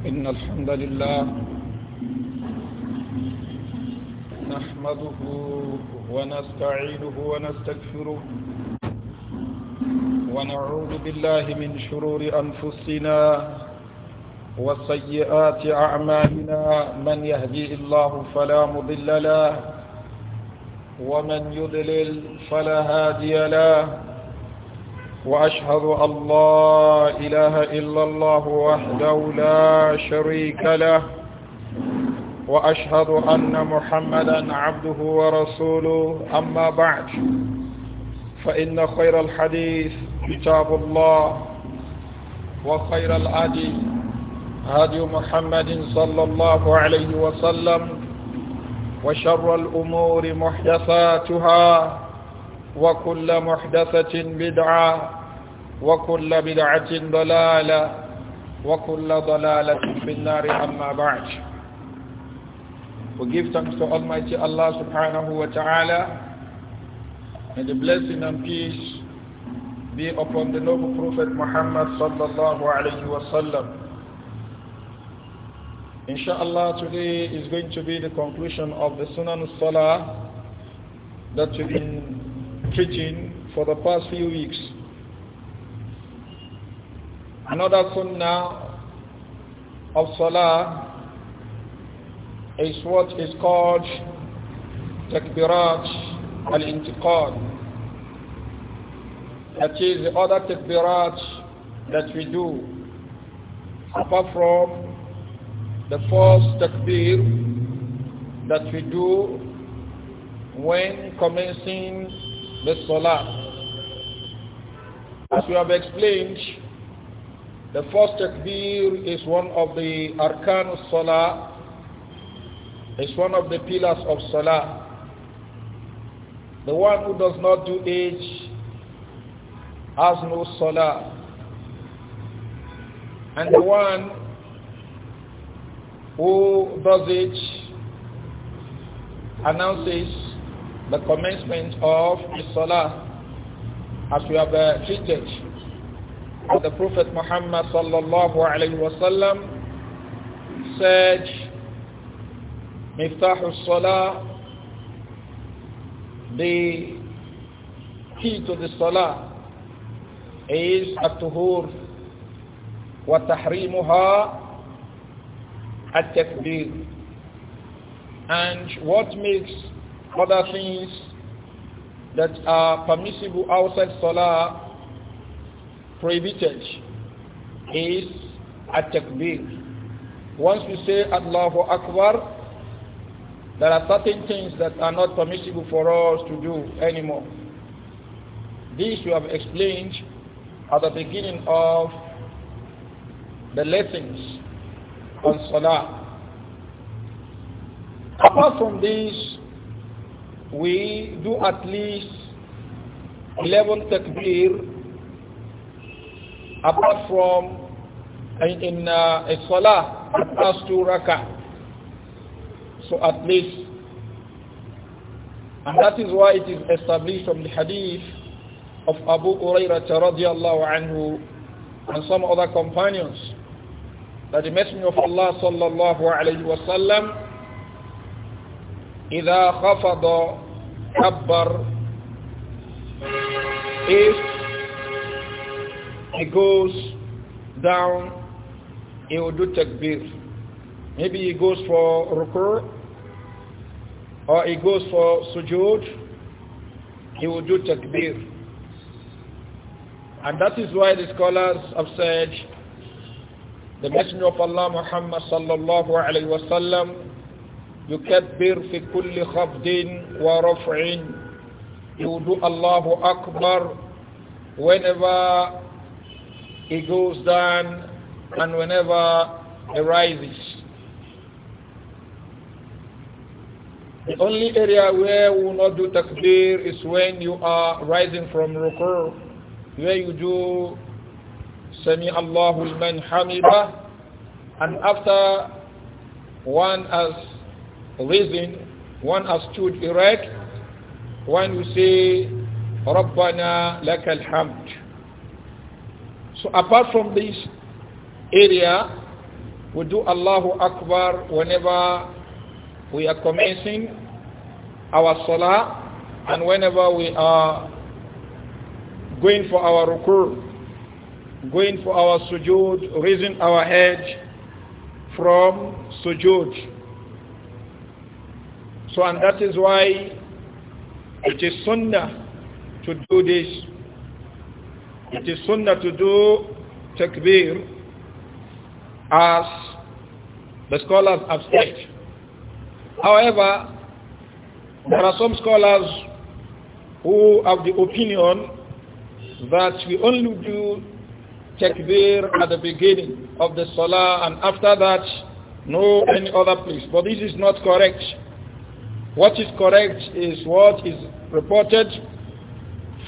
إن الحمد لله نحمده ونستعينه ونستغفره ونعوذ بالله من شرور أنفسنا وسيئات أعمالنا من يهدي الله فلا مضل له ومن يضلل فلا هادي له وأشهد أن لا إله إلا الله وحده لا شريك له وأشهد أن محمدا عبده ورسوله أما بعد فإن خير الحديث كتاب الله وخير الأدي هدي محمد صلى الله عليه وسلم وشر الأمور محدثاتها وكل محدثة بدعة وكل بدعة ضلالة وكل ضلالة في النار أما بعد We give thanks to Almighty Allah subhanahu wa ta'ala and the blessing and peace be upon the noble Prophet Muhammad صلى الله عليه وسلم Inshallah today is going to be the conclusion of the Sunan Salah that we've been kitchen for the past few weeks. Another sunnah of salah is what is called takbirat al-intiqal. That is the other takbirat that we do apart from the first takbir that we do when commencing the As we have explained, the first takbir is one of the arkan salah, it's one of the pillars of salah. The one who does not do it has no salah. And the one who does it announces the commencement of the Salah as we have uh, treated. The Prophet Muhammad sallallahu alayhi wa sallam said, al Salah, the key to the Salah is at-tuhur wa tahrimuha at-takbir. And what makes other things that are permissible outside salah prohibited is at-takbir. Once we say Allahu Akbar, there are certain things that are not permissible for us to do anymore. This we have explained at the beginning of the lessons on Salah. Apart from this, we do at least 11 takbir apart from in uh, a salah as to rakah so at least and that is why it is established from the hadith of Abu Urairah radiallahu anhu and some other companions that the Messenger of Allah sallallahu alayhi wa sallam إذا خفض كبر if he goes down he will do takbir maybe he goes for ruku or he goes for sujood he will do takbir and that is why the scholars have said the messenger of Allah Muhammad sallallahu alaihi wasallam يكبر في كل خفض ورفع يقول الله أكبر whenever he goes down and whenever he rises. The only area where we will not do takbir is when you are rising from rukur, where you do Sami Allahu man hamida, and after one has reason one has stood erect when we say Rabbana lakal hamd so apart from this area we do Allahu Akbar whenever we are commencing our salah and whenever we are going for our rukur going for our sujood raising our head from sujood so, and that is why it is sunnah to do this. It is sunnah to do takbir as the scholars have said. However, there are some scholars who have the opinion that we only do takbir at the beginning of the salah and after that no any other place. But this is not correct. What is correct is what is reported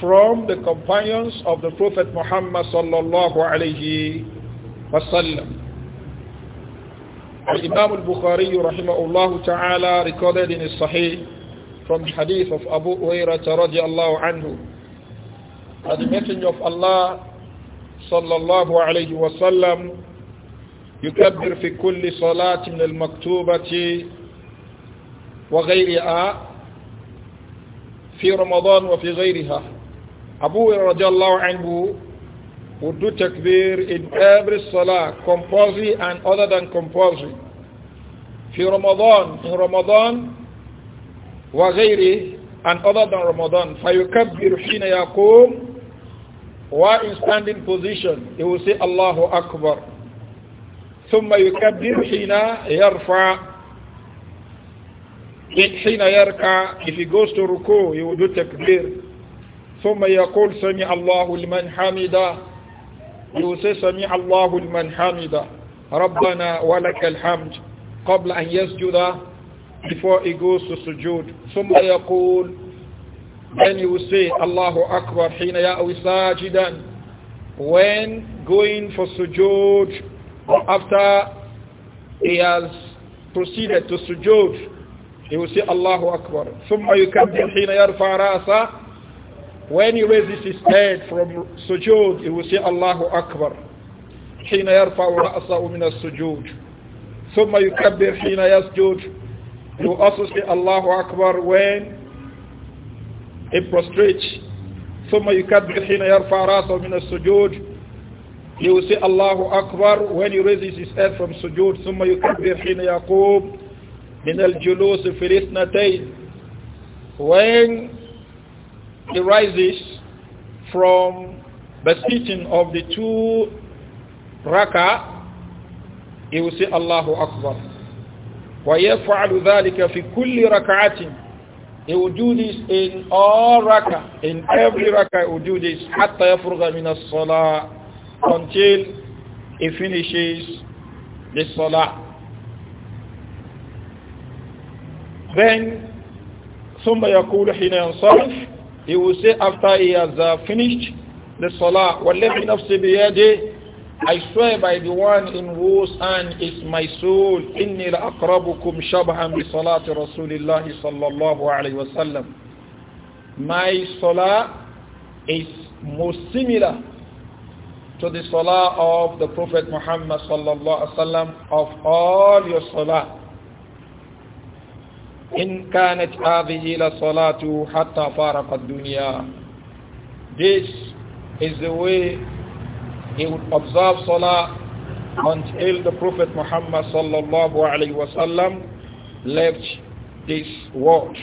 from the companions of the Prophet Muhammad sallallahu alayhi wasallam. Imam al-Bukhari rahimahullah ta'ala recorded in his Sahih from the hadith of Abu Uwairah radiallahu anhu that the message of Allah sallallahu alayhi wasallam يكبر في كل صلاة من المكتوبة وغيرها في رمضان وفي غيرها رضي الله عنه would do takbir in every salah, compulsory and other than compulsory. في رمضان in رمضان وغيره and other than رمضان فيكبر حين يقوم while in standing position he will say الله أكبر ثم يكبر حين يرفع حين يركع if he goes to ركوع he will do تكبير ثم يقول سمع الله لمن حمده he will say سمع الله لمن حمده ربنا ولك الحمد قبل أن يسجد before he goes to سجود ثم يقول then he will say الله أكبر حين يأوي ساجدا when going for سجود after he has proceeded to سجود He will say, Allahu Akbar. ثُمَّ يُكَبِّرْ حِينَ يَرْفَعَ رَأَسَهُ When he raises his head from sujood, he will say, Allahu Akbar. حين يرفع رأسه من السجود ثم يكبر حين يسجد He will also say Allahu Akbar when he prostrates ثم يكبر حين يرفع رأسه من السجود He will say Allahu Akbar when he raises his head from sujood ثم يكبر حين يقوم من الجلوس في الاثنتين when he rises from besitting of the two raka he will say Allahu Akbar ويفعل ذلك في كل ركعة he will do this in all raka in every raka he will do this حتى يفرغ من الصلاة until he finishes the salah Then, ثم يقول حين ينصرف he will say after he has uh, finished the salah والذي نفسي بيده I swear by the one in whose hand is my soul إني لأقربكم شبها بصلاة رسول الله صلى الله عليه وسلم My salah is most similar to the salah of the Prophet Muhammad صلى الله عليه وسلم of all your salah إن كانت This is the way he would observe Salah until the Prophet Muhammad sallallahu alaihi wasallam left this world.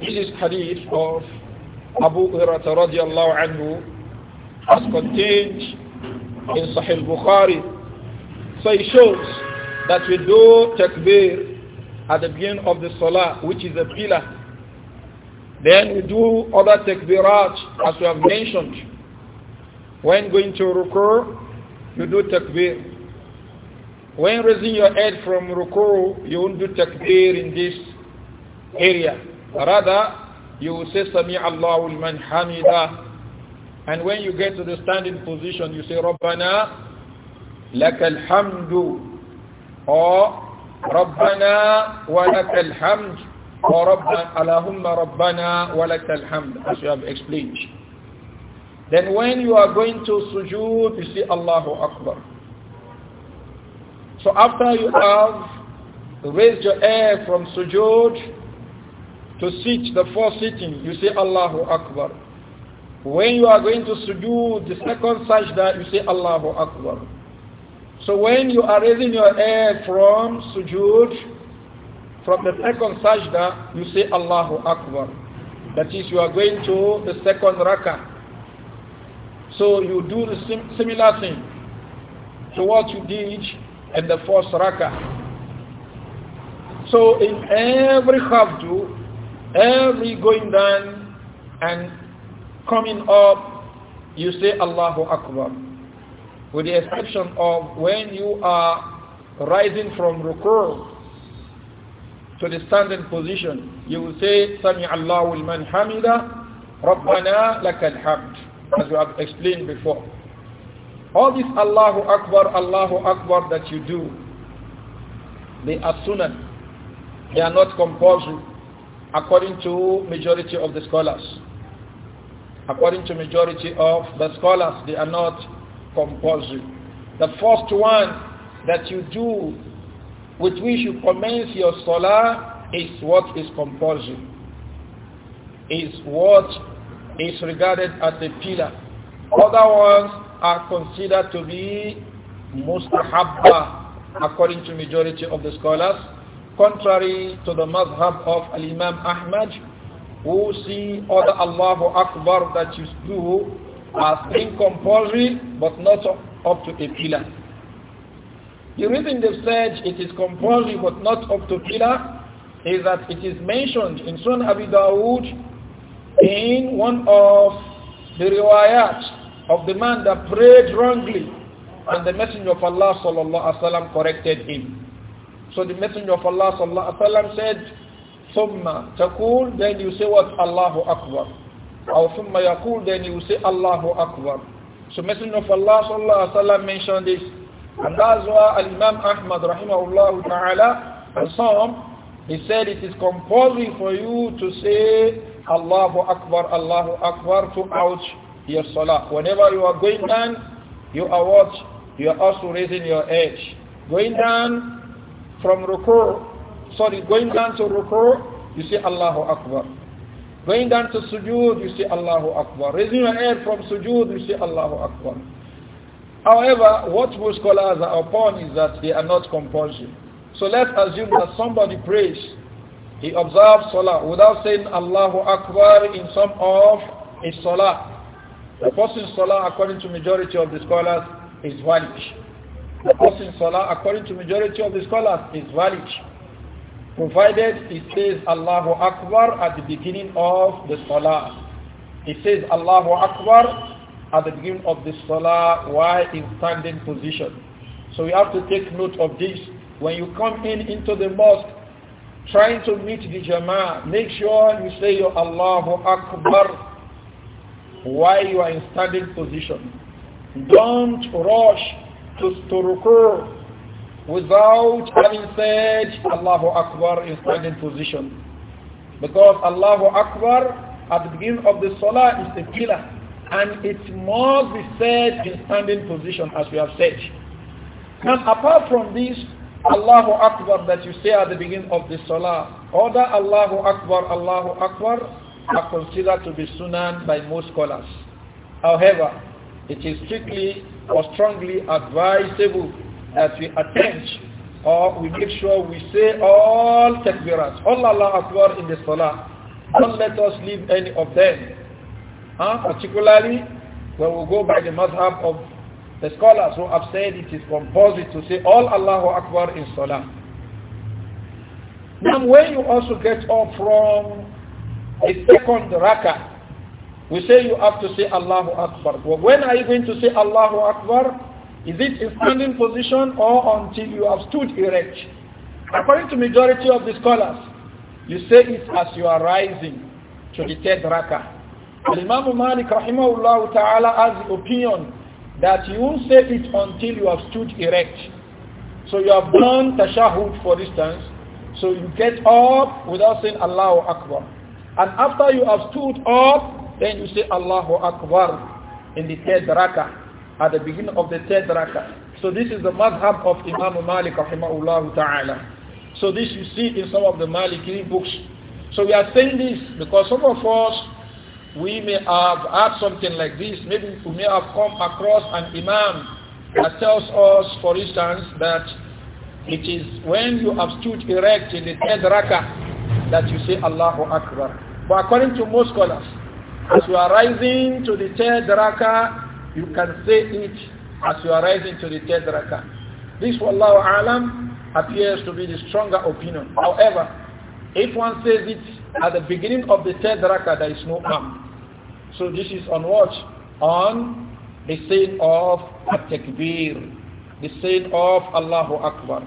This is hadith of Abu Hurairah radiallahu anhu as contained in Sahih Bukhari. So it shows that we do takbir at the beginning of the salah, which is a pillar. Then we do other takbirat, as we have mentioned. When going to rukur, you do takbir. When raising your head from rukur, you won't do takbir in this area. Rather, you will say Sami Allahu man hamida. And when you get to the standing position, you say Rabbana lakal hamdu. Or ربنا ولك الحمد وربنا اللهم ربنا ولك الحمد as you have explained then when you are going to sujood you say Allahu Akbar so after you have raised your head from sujood to sit the first sitting you say Allahu Akbar when you are going to sujood the second sajda you say Allahu Akbar so when you are raising your head from sujood, from the second sajda, you say Allahu Akbar. That is, you are going to the second raka. So you do the sim similar thing to what you did in the first raka. So in every khavdu, every going down and coming up, you say Allahu Akbar with the exception of when you are rising from rukur to the standing position, you will say, Sami Allahu al-Man hamida, Rabbana lakal hamd, as we have explained before. All this Allahu Akbar, Allahu Akbar that you do, they are sunnah. They are not compulsory, according to majority of the scholars. According to majority of the scholars, they are not compulsory. The first one that you do with which you commence your salah is what is compulsory. Is what is regarded as a pillar. Other ones are considered to be mustahabba according to majority of the scholars, contrary to the madhab of Al-Imam Ahmad who see other Allahu Akbar that you do must be compulsory but not up to a pillar. The reason they said it is compulsory but not up to pillar is that it is mentioned in Sunan Abi Dawood in one of the riwayat of the man that prayed wrongly and the messenger of Allah sallallahu alaihi wasallam corrected him. So the messenger of Allah sallallahu alaihi wasallam said, "Thumma taqul," then you say what? Allahu Akbar. Or ثُمَّ يَقُولُ Then he will say, Allahu Akbar. So Messenger of Allah sallallahu alaihi wasallam mentioned this. And that's why Imam Ahmad rahimahullah ta'ala and some, he said it is compulsory for you to say Allahu Akbar, Allahu Akbar throughout your salah. Whenever you are going down, you are what? You are also raising your edge. Going down from rukur, sorry, going down to rukur, you say Allahu Akbar. Going down to sujood, you say Allahu Akbar. Raising your head from sujood, you say Allahu Akbar. However, what most scholars are upon is that they are not compulsory. So let's assume that somebody prays. He observes Salah without saying Allahu Akbar in some of his Salah. The person's Salah, according to majority of the scholars, is valid. The person's Salah, according to majority of the scholars, is valid provided he says Allahu Akbar at the beginning of the Salah. He says Allahu Akbar at the beginning of the Salah while in standing position. So we have to take note of this. When you come in into the mosque, trying to meet the Jama'ah, make sure you say your Allahu Akbar while you are in standing position. Don't rush to, to recur without having said Allahu Akbar in standing position. Because Allahu Akbar at the beginning of the Salah is a pillar and it must be said in standing position as we have said. And apart from this, Allahu Akbar that you say at the beginning of the Salah, other Allahu Akbar, Allahu Akbar are considered to be Sunan by most scholars. However, it is strictly or strongly advisable as we attend or we make sure we say all takbirat, all Allah Akbar in the salah. Don't let us leave any of them. Huh? Particularly when we go by the madhab of the scholars who have said it is compulsory to say all Allahu Akbar in salah. Now when you also get up from the second rakah, we say you have to say Allahu Akbar. when are you going to say Allahu Akbar? Is it a standing position or until you have stood erect? According to majority of the scholars, you say it as you are rising to the third rakah. Imam Malik rahimahullah ta'ala has the opinion that you won't say it until you have stood erect. So you have done tashahud for instance, so you get up without saying Allahu Akbar. And after you have stood up, then you say Allahu Akbar in the third rakah at the beginning of the third rakah. So this is the madhab of Imam Malik rahimahullah ta'ala. So this you see in some of the Maliki books. So we are saying this because some of us, we may have had something like this. Maybe we may have come across an imam that tells us, for instance, that it is when you have stood erect in the third rakah that you say Allahu Akbar. But according to most scholars, as you are rising to the third rakah, you can say it as you are rising to the third rakah. This, wallahu alam, appears to be the stronger opinion. However, if one says it at the beginning of the third rakah, there is no harm. So this is on what? On the saying of at-takbir, the saying of Allahu Akbar.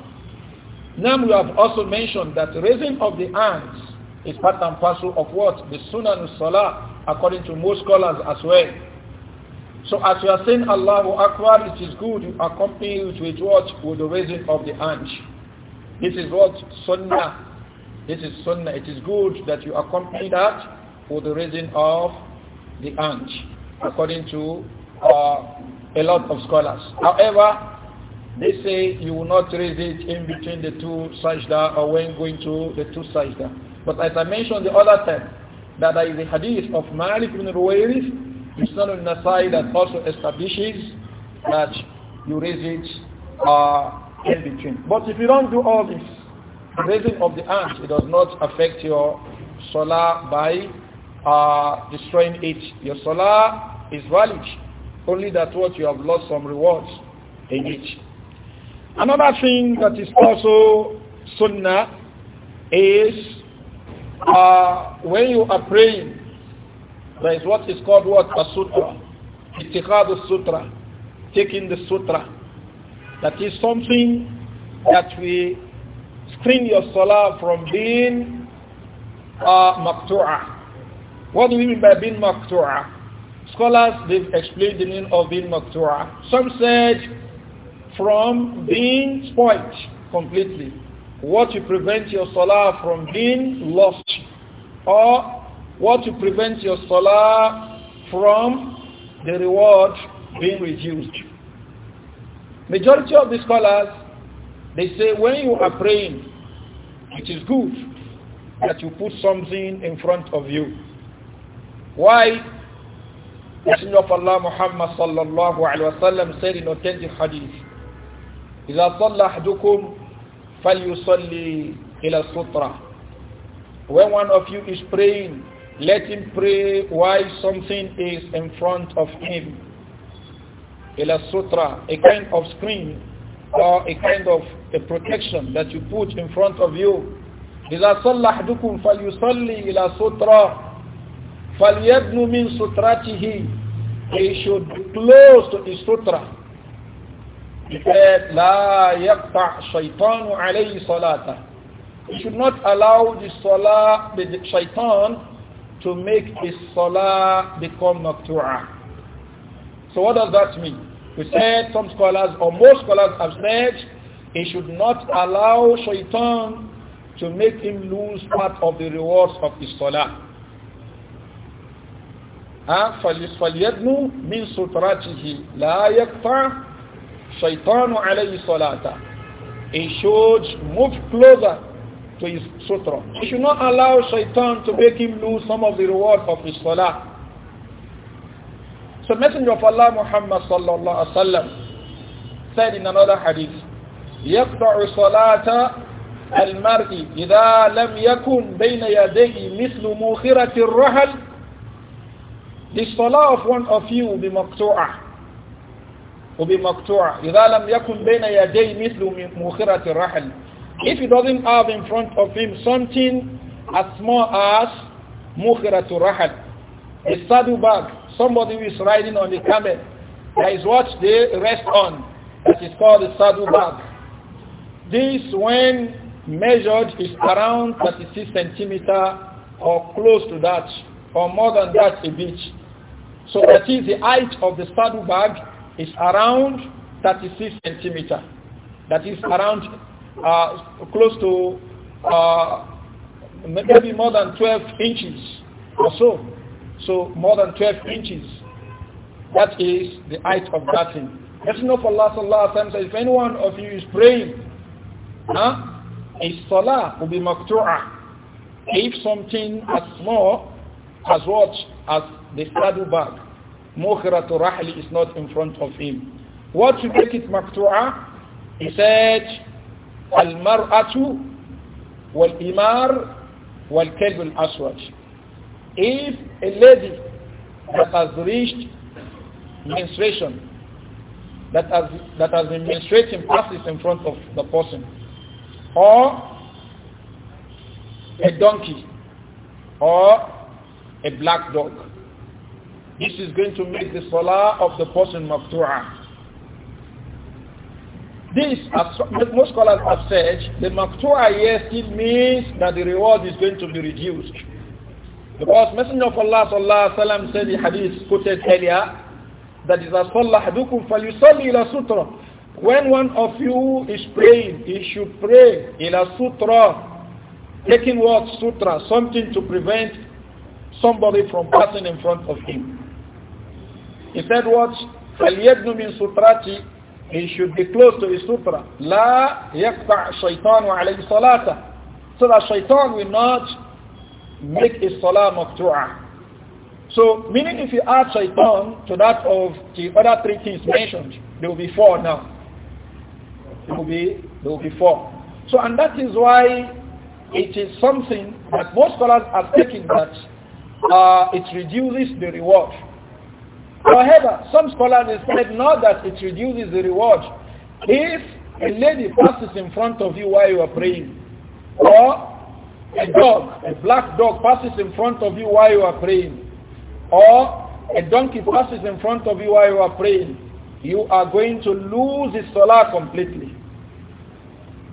Now we have also mentioned that raising of the hands is part and parcel of what? The sunnah salah, according to most scholars as well. So as you are saying Allahu Akbar, it is good you accompany it with what? With the raising of the hand. This is what? Sunnah. This is sunnah. It is good that you accompany that with the raising of the hand, according to uh, a lot of scholars. However, they say you will not raise it in between the two sajda or when going to the two sajda. But as I mentioned the other time, that there is a hadith of Malik ibn Ruwayris Sunan al-Nasai that also establishes that you raise it uh, in between. But if you don't do all this, raising of the hands, it does not affect your salah by uh, destroying it. Your salah is valid, only that what you have lost some rewards in it. Another thing that is also sunnah is uh, when you are praying, there is what is called what? A sutra. Ittikhadu sutra. Taking the sutra. That is something that we screen your salah from being uh, maktu'ah. What do we mean by being maktu'ah? Scholars, they've explained the meaning of being maktu'ah. Some said from being spoilt completely. What you prevent your salah from being lost or what to prevent your salah from the reward being reduced? Majority of the scholars, they say when you are praying, it is good that you put something in front of you. Why? Messenger of Allah Muhammad الله عليه wasallam said in authentic hadith, إذا صلى أحدكم فليصلي إلى السطرة. When one of you is praying, let him pray while something is in front of him. Ila sutra, a kind of screen or a kind of a protection that you put in front of you. إذا صلى أحدكم فليصلي إلى سترة فليبنو من سترته He should close to the sutra. He said, لا يقطع شيطان عليه صلاته. He should not allow the salah, the shaitan to make a salah become nocturne. So what does that mean? We said some scholars or most scholars have said he should not allow shaitan to make him lose part of the rewards of his salah. فَلْيَدْنُ مِنْ سُتْرَتِهِ لَا يَقْطَعْ شَيْطَانُ عَلَيْهِ صَلَاتًا He should move closer to his sutra. He should not allow shaitan to make him lose some of the reward of his salah. So Messenger of Allah Muhammad sallallahu alaihi wasallam said in another hadith, يقطع صلاة المرء إذا لم يكن بين يديه مثل موخرة الرحل The salah of one of you will be مقطوعة will be مقطوعة إذا لم يكن بين يديه مثل موخرة الرحل if he doesn't have in front of him something as small as mukhiratu rahad, a saddle bag, somebody who is riding on the camel, that is what they rest on, that is called the saddle bag. This, when measured, is around 36 centimeter or close to that, or more than that a bit. So that is the height of the saddle bag is around 36 centimeter. That is around uh, close to uh, maybe more than 12 inches or so. So more than 12 inches. That is the height of that thing. Messenger for Allah sallallahu alaihi wasallam says, if anyone of you is praying, huh, his salah will be maktu'ah. If something as small as what as the saddle bag, mukhiratu rahli is not in front of him. What should make it maktu'ah? He said, Al-mar'atu wal-imar If a lady that has reached menstruation, that has, that has been menstruating passes in front of the person, or a donkey, or a black dog, this is going to make the salah of the person maftu'ah. This, as most scholars have said, the Maktua here still means that the reward is going to be reduced. Because Messenger of Allah sallallahu alaihi wasallam said the hadith quoted earlier, that is, أَصَلَّحْدُكُمْ فَلْيُصَلِّ إِلَى sutra. When one of you is praying, he should pray a sutra, taking what sutra, something to prevent somebody from passing in front of him. He said what? فَلْيَبْنُ مِنْ سُتْرَاتِ he should be close to his sutra. La yaqta' shaitan wa alayhi salata. So that shaitan will not make his salah maqtu'ah. So, meaning if you add shaitan to that of the other three things mentioned, there will be four now. There will be, there will be four. So, and that is why it is something that most scholars are taking that uh, it reduces the reward However, some scholars said not that it reduces the reward. If a lady passes in front of you while you are praying, or a dog, a black dog passes in front of you while you are praying, or a donkey passes in front of you while you are praying, you are going to lose the salah completely.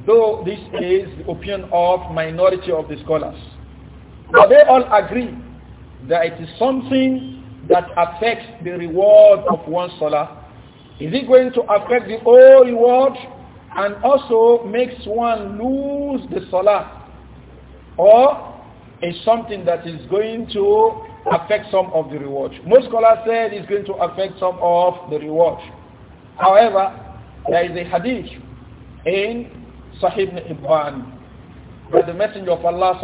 Though this is the opinion of minority of the scholars. But they all agree that it is something that affects the reward of one salah? Is it going to affect the whole reward and also makes one lose the salah? Or is something that is going to affect some of the reward? Most scholars said it's going to affect some of the reward. However, there is a hadith in Sahih Ibn where the Messenger of Allah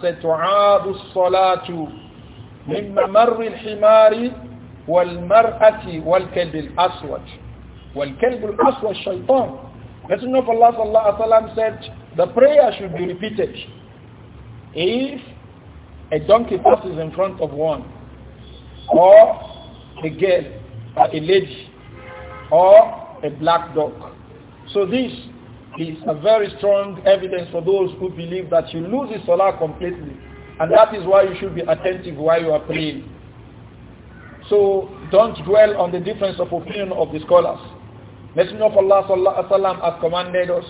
said to Abu said, "Tu'adu salatu من ممر الحمار والمرأة والكلب الأسود والكلب الأسود شيطان Messenger of Allah sallallahu alaihi wasallam said the prayer should be repeated if a donkey passes in front of one or a girl or a lady or a black dog. So this is a very strong evidence for those who believe that you lose the salah completely and that is why you should be attentive while you are praying. So don't dwell on the difference of opinion of the scholars. Messenger of Allah sallallahu alaihi wasallam has commanded us,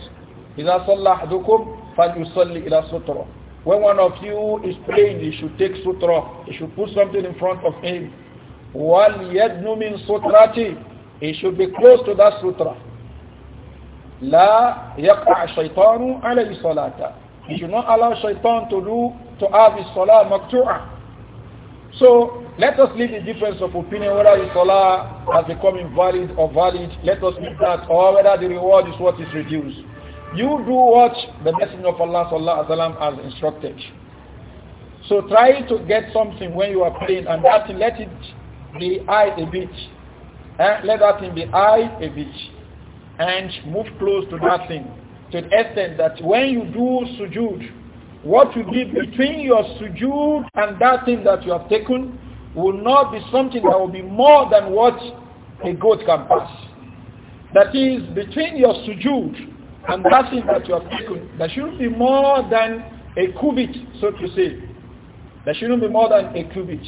إِذَا صَلَّحْدُكُمْ فَلْيُصَلِّ ila sutra." When one of you is praying, he should take sutra. He should put something in front of him. وَلْيَدْنُ doing sutra, He should be close to that sutra. لَا يَقْعَ شَيْطَانُ عَلَيْهِ salata. He should not allow shaitan to do to have his salah maktu'ah. So let us leave the difference of opinion whether his salah has become invalid or valid. Let us leave that or whether the reward is what is reduced. You do what the Messenger of Allah sallallahu alaihi has instructed. So try to get something when you are praying and that let it be high a bit. Eh? Let that thing be high a bit. And move close to that thing to the extent that when you do sujood, what you give between your sujood and that thing that you have taken will not be something that will be more than what a goat can pass. That is, between your sujood and that thing that you have taken, there shouldn't be more than a cubit, so to say. There shouldn't be more than a cubit.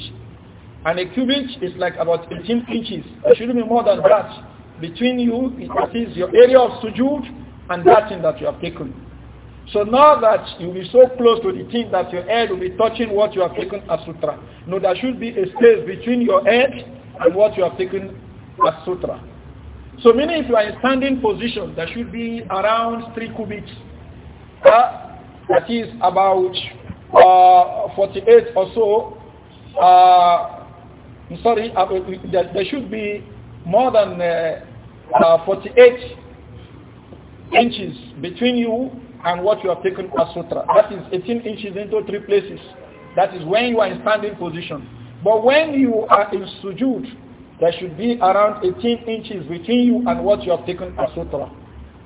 And a cubit is like about 18 inches. There shouldn't be more than that between you, that is your area of sujood and that thing that you have taken. So now that you'll be so close to the thing that your head will be touching what you have taken as sutra. No, there should be a space between your head and what you have taken as sutra. So meaning if you are in standing position, there should be around 3 cubits. Uh, ah, that is about uh, 48 or so. Uh, I'm sorry, uh, uh, uh, there, should be more than 48 inches between you and what you have taken as sutra. That is 18 inches into three places. That is when you are in standing position. But when you are in sujud, there should be around 18 inches between you and what you have taken as sutra.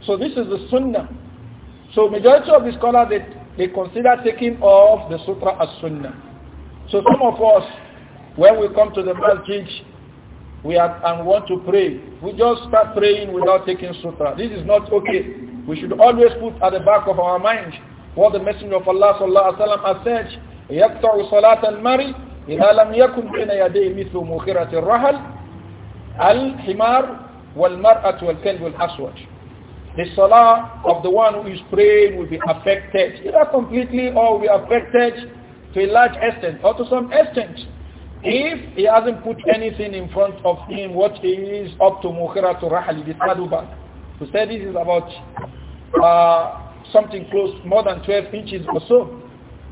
So this is the sunnah. So majority of the scholars, they, they consider taking off the sutra as sunnah. So some of us, when we come to the masjid, we are, and want to pray, we just start praying without taking sutra. This is not okay. We should always put at the back of our mind what the Messenger of Allah sallallahu alaihi wasallam has said: "يقطع صلاة المرء إذا لم يكن بين يديه مثل مخيرة الرحل الحمار والمرأة والكلب والأسود." The salah of the one who is praying will be affected, either completely or will be affected to a large extent or to some extent. If he hasn't put anything in front of him, what he is up to Mukhira to Rahali, the saddleback. To this is about uh, something close more than 12 inches or so.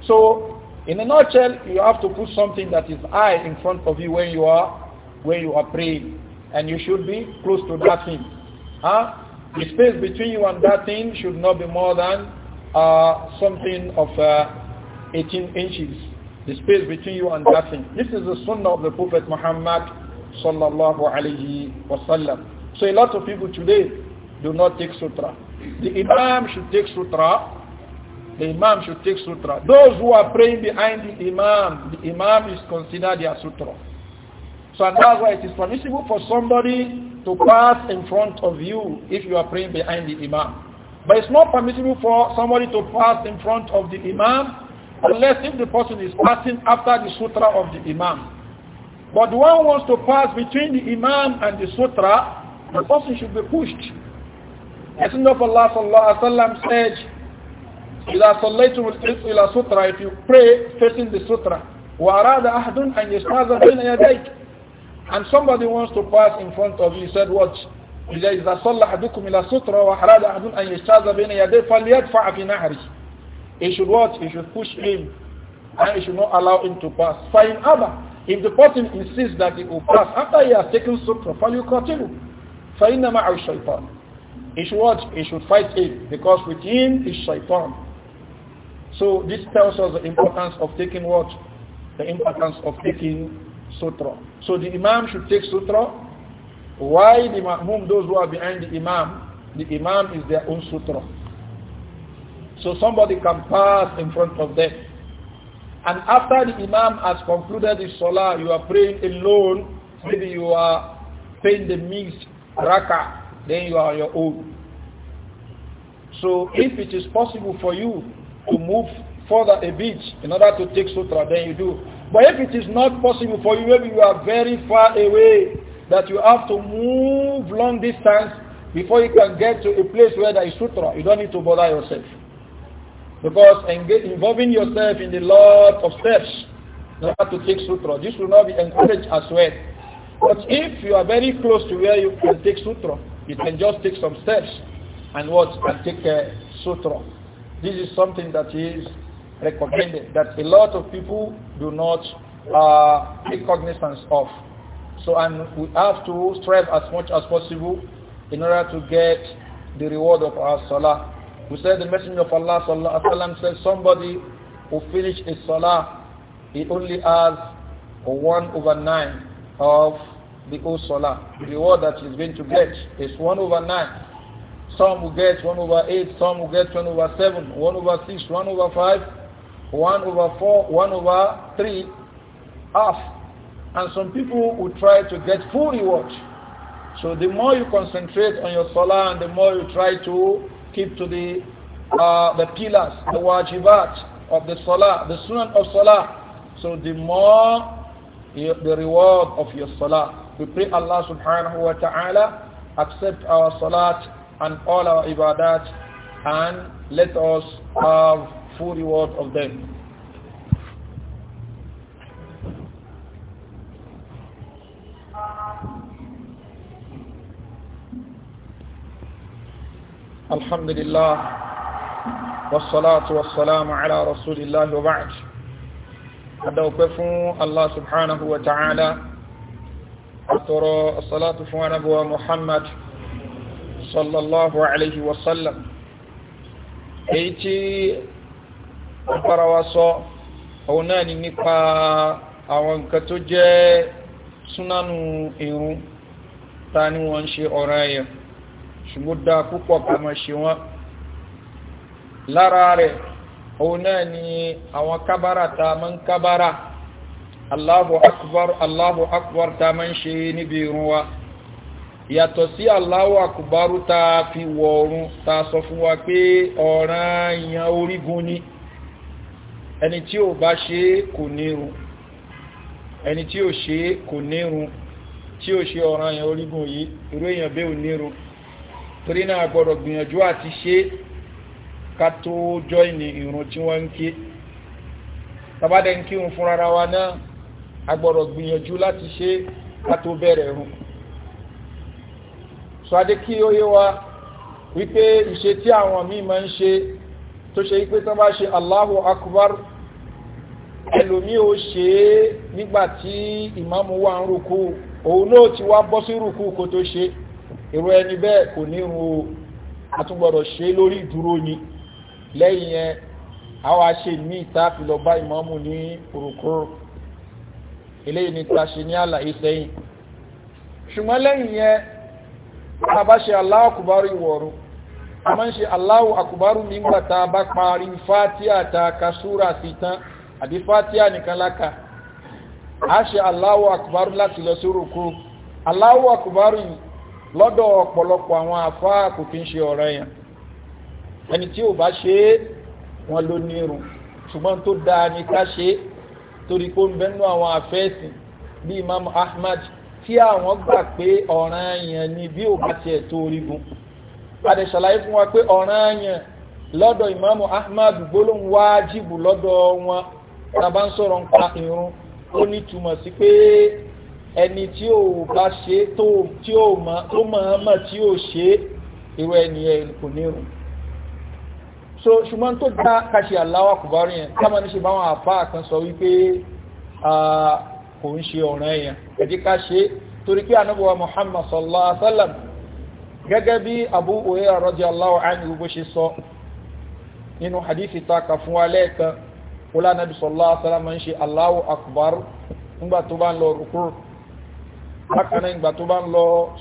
So in a nutshell, you have to put something that is high in front of you when you are when you are praying, and you should be close to that thing. Huh? The space between you and that thing should not be more than uh, something of uh, 18 inches. The space between you and that thing. This is the sunnah of the Prophet Muhammad sallallahu alaihi wasallam. So a lot of people today do not take sutra. The Imam should take sutra. The Imam should take sutra. Those who are praying behind the Imam, the Imam is considered their sutra. So that's why it is permissible for somebody to pass in front of you if you are praying behind the Imam. But it's not permissible for somebody to pass in front of the Imam unless if the person is passing after the sutra of the Imam. But the one who wants to pass between the Imam and the sutra, the person should be pushed Messenger of Allah sallallahu alaihi wasallam said, إذا صليتم إلى سترة if you pray facing the sutra وأراد أحد أن يستاذ بين يديك and somebody wants to pass in front of you said what إذا إذا صلى أحدكم إلى سترة وأراد أحد أن يستاذ بين يديه فليدفع في نهره he should what he should push him and he should not allow him to pass فإن أبى if the person insists that he will pass after he has taken sutra فليقاتله فإن معه الشيطان he should watch, he should fight him because with him is shaitan. So this tells us the importance of taking what? The importance of taking sutra. So the imam should take sutra. Why the ma'mum, those who are behind the imam, the imam is their own sutra. So somebody can pass in front of them. And after the imam has concluded his salah, you are praying alone, maybe you are paying the mixed rakah then you are your own. So if it is possible for you to move further a bit in order to take sutra, then you do. But if it is not possible for you, maybe you are very far away, that you have to move long distance before you can get to a place where there is sutra. You don't need to bother yourself. Because involving yourself in a lot of steps in order to take sutra, this will not be encouraged as well. But if you are very close to where you can take sutra, you can just take some steps and what and take a sutra. This is something that is recommended that a lot of people do not uh, take cognizance of. So and we have to strive as much as possible in order to get the reward of our salah. We said the Messenger of Allah sallallahu alaihi wasallam said somebody who finished his salah, he only has one over nine of the old The reward that she's going to get is 1 over 9. Some will get 1 over 8, some will get 1 over 7, 1 over 6, 1 over 5, 1 over 4, 1 over 3, half. And some people will try to get full reward. So the more you concentrate on your salah and the more you try to keep to the uh, the pillars, the wajibat of the salah, the sunnah of salah, so the more the reward of your salah. We pray Allah subhanahu wa ta'ala accept our salat and all our ibadat and let us have full reward of them. الحمد لله والصلاة والسلام على رسول الله وبعد أدوكف الله سبحانه وتعالى أترى الصلاة فوانا محمد صلى الله عليه وسلم ايتي أبرا òun náà ni nípa àwọn nǹkan tó jẹ́ súnánù irun ta ni wọ́n ń ṣe ọ̀ràn ẹ̀yẹ ṣùgbọ́n dá púpọ̀ kàmọ̀ ṣe wọ́n lára rẹ̀ òun náà ni àwọn kábára ta mọ́ kábára Allahu akbar Allahu akbar ta máa níbi wa yàtọ̀ sí Allahu akbar ta fi wọ̀ oòrùn ta sọ fún wa pé ọ̀ràn orígun ẹni tí ò bá ṣe kò nírun ẹni tí ò ṣe kò nírun tí ò ṣe ọ̀ràn orígun yìí irú èèyàn bẹ́ẹ̀ ò nírun torí náà gbọ́dọ̀ gbìyànjú àti ṣe ká tó tí wọ́n ń ké tabadẹ́ agbọ́dọ̀ gbìyànjú láti ṣe kátó bẹ̀rẹ̀ rún sọ adé kí ó yé wa wípé ìṣe tí àwọn míì máa ń ṣe tó ṣe wípé tán bá ṣe Allahu Akbar ẹlòmí ò ṣe é nígbàtí ìmáàmù wà ń rúkú òun náà ti wá bọ́ sí rúkú kó tó ṣe èrò ẹni bẹ́ẹ̀ kò ní rún o àtúgbọ̀dọ̀ ṣe lórí ìdúró ni lẹ́yìn yẹn àwọn aṣe míì fi lọ bá ìmáàmù ní rúkú eléyìí ni ta ṣe ní àlàyé sẹ́yìn ṣùgbọ́n lẹ́yìn yẹn a bá ṣe Allahu akubaru ìwọ̀run a máa ń ṣe Allahu akubaru nígbà tá a bá parí fatiha ta ka súra sí tán àbí fatiha nìkan láka a ṣe Allahu akubaru láti lọ sí rúkú Allahu akubaru lọ́dọ̀ ọ̀pọ̀lọpọ̀ àwọn àfáà kò kí ń ṣe ọ̀rọ̀ yẹn ẹni tí ò bá ṣe é wọn ló ní ṣùgbọ́n tó dáa ni ká ṣe é torí pé ó ń bẹ́nu àwọn àfẹ́sìn bíi Imam Ahmad tí àwọn gbà pé ọ̀ranyàn ni bí ò bá tiẹ̀ tó orígun padà ṣàlàyé fún wa pé ọ̀ranyàn lọ́dọ̀ Imam Ahmad gbólóhùn wájìbù lọ́dọ̀ wọn tàbá ń sọ̀rọ̀ ń pa irun ó ní túmọ̀ sí pé ẹni tí ò bá ṣe tó mọ̀ tí ò ṣe irú ẹni ẹ̀ kò ní irun so ṣùgbọ́n tó dá kàṣì Allahu Akbar yẹn káàmà ní ṣe báwọn àfá kan sọ wípé kò ń ṣe ọ̀ràn èèyàn ẹ̀dí ká torí pé anábọ̀wà Muhammad sallallahu alaihi wasallam gẹ́gẹ́ bí Abu Hurairah radiyallahu anhu bó ṣe sọ hadithi taka fún wa lẹ́ẹ̀kan sallallahu alaihi wasallam ń ṣe Allahu Akbar nígbà tó bá ń lọ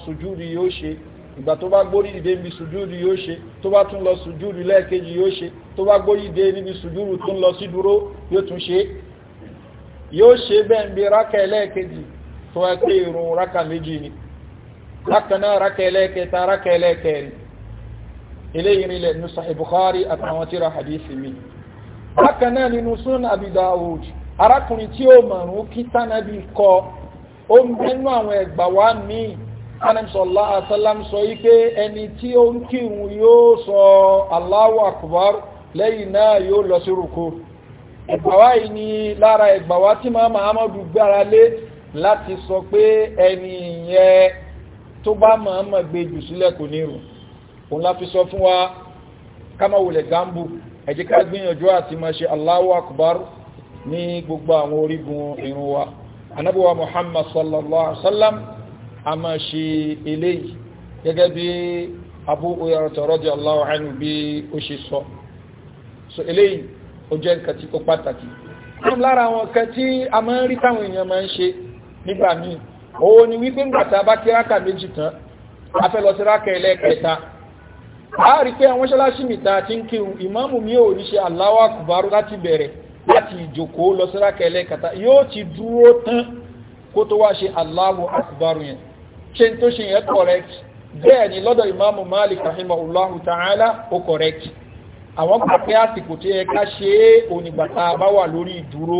rùkúrù ìgbà tó bá gbórí ìdè níbi sùjúdù yóò ṣe tó bá tún lọ sùjúdù lẹ́ẹ̀kejì yóò ṣe tó bá gbórí ìdè níbi sùjúdù tó ń lọ sí dúró yóò tún ṣe yóò ṣe bẹ́ẹ̀ bí rákà ẹlẹ́ẹ̀kejì tó wá pé ìrun rákà méjì ni rákà náà rákà ẹlẹ́ẹ̀kẹta rákà ẹlẹ́ẹ̀kẹrin eléyìí rinlẹ̀ ní sahih bukhari àtàwọn tíra hadith mi rákà náà nínú sunan abi arákùnrin tí ó mọ̀rún kí tánàbí kọ ó ń bẹ́nu àwọn ẹgbàá wa míì anamsọ̀lá àsálàm sọ yí pé ẹni tí ó ń kírun yóò sọ Allahu akbar lẹ́yìn náà yóò lọ sí rúkú ẹgbàwá yìí ni lára ẹgbàwá tí máa mahamadu gbára lé láti sọ pé ẹni yẹn tó bá mahamad gbé jù sílẹ̀ kò ní rùn òun la fi sọ fún wa kámàwòlẹ̀ gambu ẹ ká gbìyànjú àti máa ṣe Allahu akbar ní gbogbo àwọn orígun irun wa anábíwa muhammad sallallahu alaihi wasallam a máa ṣe eléyìí gẹ́gẹ́ bí Abu Hurairah radiyallahu anhu bí ó ṣe sọ so eléyìí ó jẹ́ nǹkan tí ó pàtàkì lára àwọn nǹkan tí a máa ń rí táwọn èèyàn máa ń ṣe nígbà míì òun ni wípé ńgbà tá a bá kí ráka méjì tán a fẹ́ lọ sí ráka ẹlẹ́ẹ̀kẹta a rí pé àwọn ṣáláṣí mi ta ń kírun ìmáàmù mi ò ní ṣe Allahu Akbar láti bẹ̀rẹ̀ láti ìjókòó lọ sí ráka ẹlẹ́ẹ̀kẹta yóò ti dúró tán kó tó wá ṣe Allahu Akbar yẹn ṣe tó ṣe yẹn correct bẹ́ẹ̀ ni lọ́dọ̀ ìmáàmù Malik rahimahullahu ta'ala ó correct àwọn gbà pé àsìkò tó yẹ ká ṣe é onígbàtà bá wà lórí ìdúró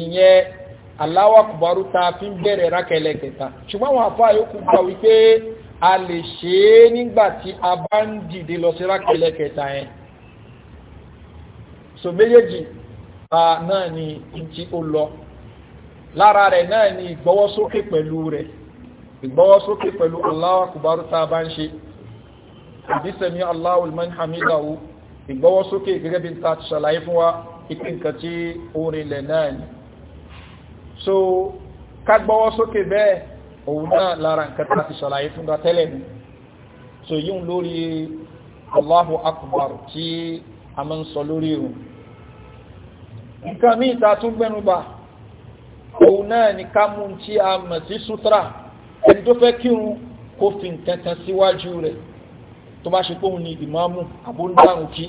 ìyẹn aláwà kùbárú ta fi ń bẹ̀rẹ̀ rákẹlẹ̀ kẹta ṣùgbọ́n àwọn àfáà yóò kú wípé a lè ṣe é nígbà tí a bá ń dìde lọ sí rákẹlẹ̀ kẹta yẹn so méjèèjì náà ni ti ó lọ lára rẹ̀ náà ni ìgbọ́wọ́sókè pẹ̀lú rẹ̀ ìgbọ́wọ́sókè pẹ̀lú Allahu Akbar tá a bá ń ṣe ìbí sami Allahu liman hamidahu ìgbọ́wọ́sókè gẹ́gẹ́ bí ta ti ṣàlàyé fún wa ìpín nǹkan náà ni so ká gbọ́wọ́sókè bẹ́ẹ̀ òun náà lára nǹkan ti ṣàlàyé fún wa tẹ́lẹ̀ so yíò lórí Allahu Akbar tí a máa ń sọ lórí irun nǹkan míì ta ẹni tó fẹ́ kírun kó fi nǹkan kan síwájú rẹ̀ tó bá ṣe pé òun ni ìmáàmù àbúndàrún kí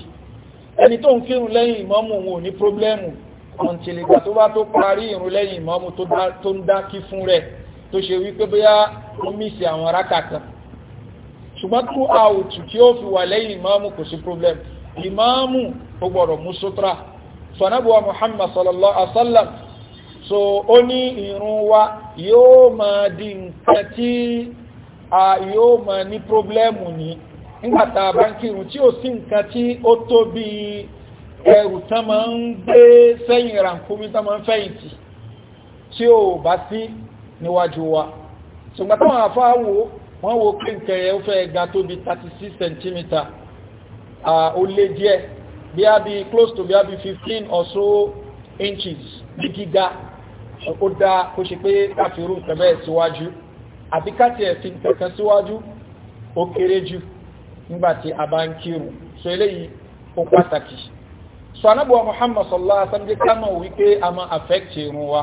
ẹni tó ń kírun lẹ́yìn ìmáàmù òun ò ní pírọ́blẹ́mù ọ̀ntìlìgbà tó bá tó parí ìrun lẹ́yìn ìmáàmù tó ń dá kí fún rẹ̀ tó ṣe wípé bóyá ó mísì àwọn rákà kan ṣùgbọ́n tó àwùtù tí ó fi wà lẹ́yìn ìmáàmù kò sí pírọ́blẹ́mù ìmáàmù ó gbọ́dọ̀ mú sótra sọ̀nàbùwà Muhammad sallallahu alaihi wa sallam so ó ní ìrun wa yóò máa di nǹkan tí a yóò máa ní pọ́blẹ́mù ní nígbàtà báńkì ìrun tí ó sí nǹkan tí ó tó bí ẹrù tán máa ń gbé sẹ́yìn ràǹkúmí tán máa ń fẹ̀yìntì tí ó bá sí níwájú wa ṣùgbọ́n táwọn àfáà wo wọ́n wo pé nǹkan ẹ̀ fẹ́ ga tó bí 36 cm ó lé díẹ̀ bí a bí close to bí a bí 15 or so inches ní gíga ó dá kó ṣe pé káfí irú nǹkan bẹ́ẹ̀ síwájú àbí káti ẹ̀ fi nǹkan kan síwájú ó kéré jù nígbàtí a bá ń kírun so eléyìí ó pàtàkì so anábọ̀wá Muhammad sallallahu alaihi kama jẹ́ ká mọ̀ wípé a máa affect irun wa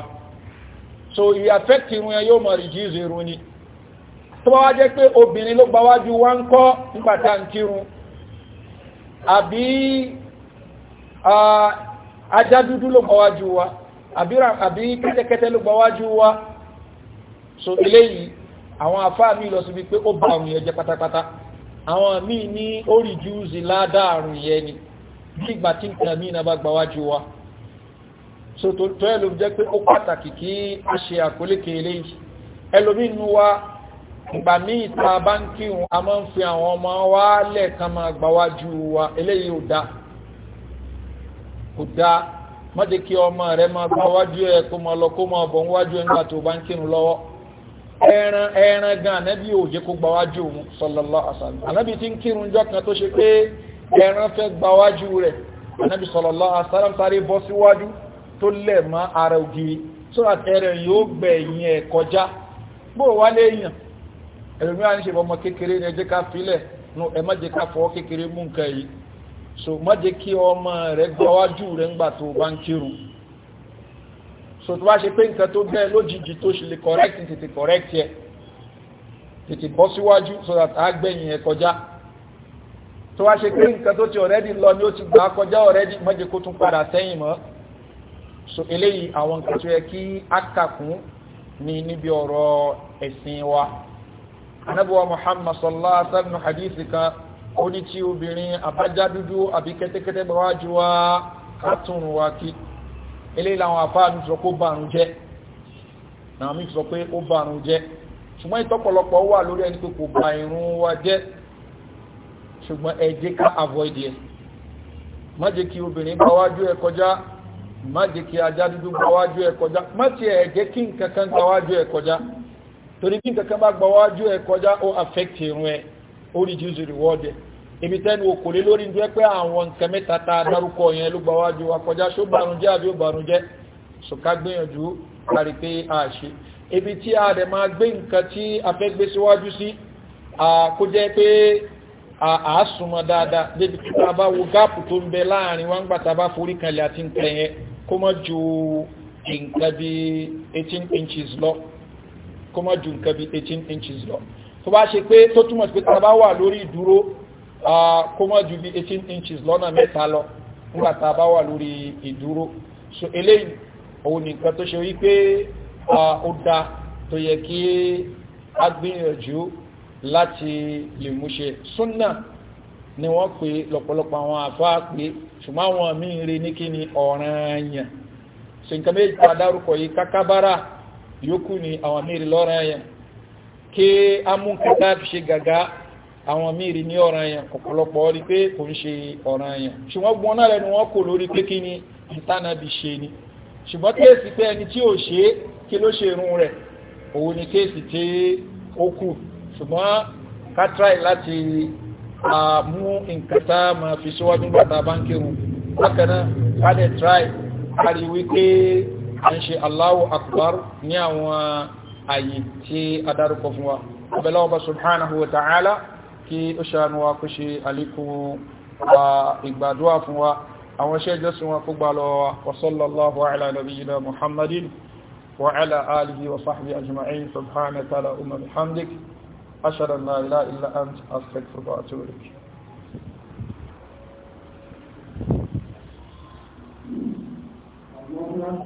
so ìyí affect irun yẹn yóò máa reduce irun ni tó bá wá jẹ́ pé obìnrin ló gba wájú wá ń kọ́ nígbàtí ń kírun àbí ah, ajá dúdú ló gba wájú wa àbí kẹ́tẹ́kẹ́tẹ́ ló gbọ́wájú wá so eléyìí àwọn afáà míì lọ síbi pé ó bá àrùn yẹn jẹ pátápátá àwọn míì ní ó rí júùsì ládàá àrùn ni bí ìgbà tí nǹkan míì náà bá gbọ́wájú wá so tó tọ́ ẹ̀ ló jẹ́ pé ó pàtàkì kí a ṣe àkólékè eléyìí ẹlòmínú wa ìgbà míì ta bá ń a máa ń fi àwọn ọmọ wa lẹ́ẹ̀kan máa gbáwájú wa eléyìí ò dáa kò dáa má jẹ́ kí ọmọ rẹ máa gba wájú ẹ kó máa lọ kó máa bọ̀ wájú ẹ nígbà tó bá ń kírun lọ́wọ́ ẹran ẹran gan ànábì ò jẹ́ kó gba wájú òun sallallahu alaihi wasallam ànábì tí ń kírun jọ kan tó ṣe pé ẹran fẹ́ gba wájú rẹ̀ ànábì sallallahu alaihi wasallam sáré bọ́ síwájú tó lẹ̀ mọ́ ara ògiri so that ẹran yóò gbẹ̀yìn ẹ̀ kọjá bó wá léèyàn ẹlòmíràn ń ṣe ọmọ kékeré ní ẹjẹ́ ká filẹ̀ so má jẹ́ kí ọmọ rẹ̀ gbọ́wájú rẹ̀ ńgbà tó bá ń kírun so tó bá ṣe pé nǹkan tó bẹ́ẹ̀ lójijì tó ṣe lè correct tètè correct yẹ tètè bọ́ síwájú so that a gbẹ̀yìn ẹ kọjá tó bá ṣe pé nǹkan tó ti already lọ ni ó ti gbà kọjá already má jẹ́ kó tún padà sẹ́yìn mọ́ so eléyìí àwọn nǹkan tó yẹ kí a kàkún ní níbi ọ̀rọ̀ ẹ̀sìn wa anábọ̀wá muhammad sallallahu alaihi wa sallam hadithi kan Oni ní tí obìnrin dudu, dúdú àbí kẹ́tẹ́kẹ́tẹ́ bá wájú wá kátùnrùn wá kí eléyìí làwọn àfáà mi sọ pé ó bàrùn jẹ́ náà mi sọ pé ó bàrùn jẹ́ ṣùgbọ́n ìtọ́pọ̀lọpọ̀ wà lórí ẹni pé kò bá irun wa jẹ́ ṣùgbọ́n ẹ jẹ́ ká avoid ẹ̀ má jẹ́ kí obìnrin bá wájú ẹ kọjá má jẹ́ kí ajá dúdú bá wájú ẹ ti ẹ̀ jẹ́ kí nǹkan kan gbá wájú ẹ kọjá torí kí kan bá gbá wájú ẹ kọjá affect irun ẹ ó rí jùzù reward ẹ̀ ibi tẹ́nu okò lé lórí ndú ẹ pé àwọn nǹkan mẹ́ta tá a dárúkọ yẹn ló gba wájú wa kọjá ṣó bànújẹ́ àbí ó bànújẹ́ ṣùkà gbìyànjú kárí pé a ṣe ibi tí a rẹ̀ máa gbé nǹkan tí a fẹ́ gbé síwájú sí kó jẹ́ pé a súnmọ́ dáadáa débi tí a bá wo gáàpù tó ń bẹ láàrin wá gbà tá a bá forí kanlẹ̀ àti nǹkan yẹn kó má ju nǹkan bí 18 inches lọ kó má ju nǹkan bí 18 inches lọ tó bá ṣe pé tó túmọ̀ sí pé tá bá wà lórí ìdúró kó mọ́ bí 18 inches lọ́nà mẹ́ta lọ nígbà tá bá wà lórí ìdúró so eléyìí òun nìkan tó ṣe wípé ó dá tó yẹ kí a gbìyànjú láti lè múṣe súnà ni wọ́n pe lọ́pọ̀lọpọ̀ àwọn àfáà pé ṣùgbọ́n àwọn míì rí ní kí ni ọ̀ranyàn ṣe nǹkan méjì tá a dárúkọ yìí kákábára yókù ni àwọn míì rí lọ́ranyàn kí a mú kẹta fi ṣe gàgá àwọn míì ní ọ̀ràn yẹn ọ̀pọ̀lọpọ̀ rí pé kò ń ṣe ọ̀ràn yẹn ṣùgbọ́n gbọ́n náà rẹ̀ ni wọ́n kò lórí pé kí ni ìtànàbí ṣe ni ṣùgbọ́n kéèsì pé ẹni tí ò ṣe é kí ló ṣe irun rẹ̀ òun ni kéèsì tí ó kù ṣùgbọ́n kátráì láti mú nǹkan tá a máa fi síwájú bàtà báńkì rùn bákan náà kádẹ̀ tráì kárí wípé à ń ṣe Allahu Akbar ní àwọn àyè tí a dárúkọ fún wa ọbẹ̀lọ́wọ́bá subhanahu wa ta'ala kí ó ṣàánú wa kó ṣe àlékún ìgbàdúwà fún wa àwọn iṣẹ́ ìjọsìn wa kó gbà lọ wa sallallahu ala nabiyyina muhammadin wa ala alihi wa sahbihi ajma'in subhanaka la umma bihamdik ashhadu la ilaha illa anta astaghfiruka wa atubu ilayk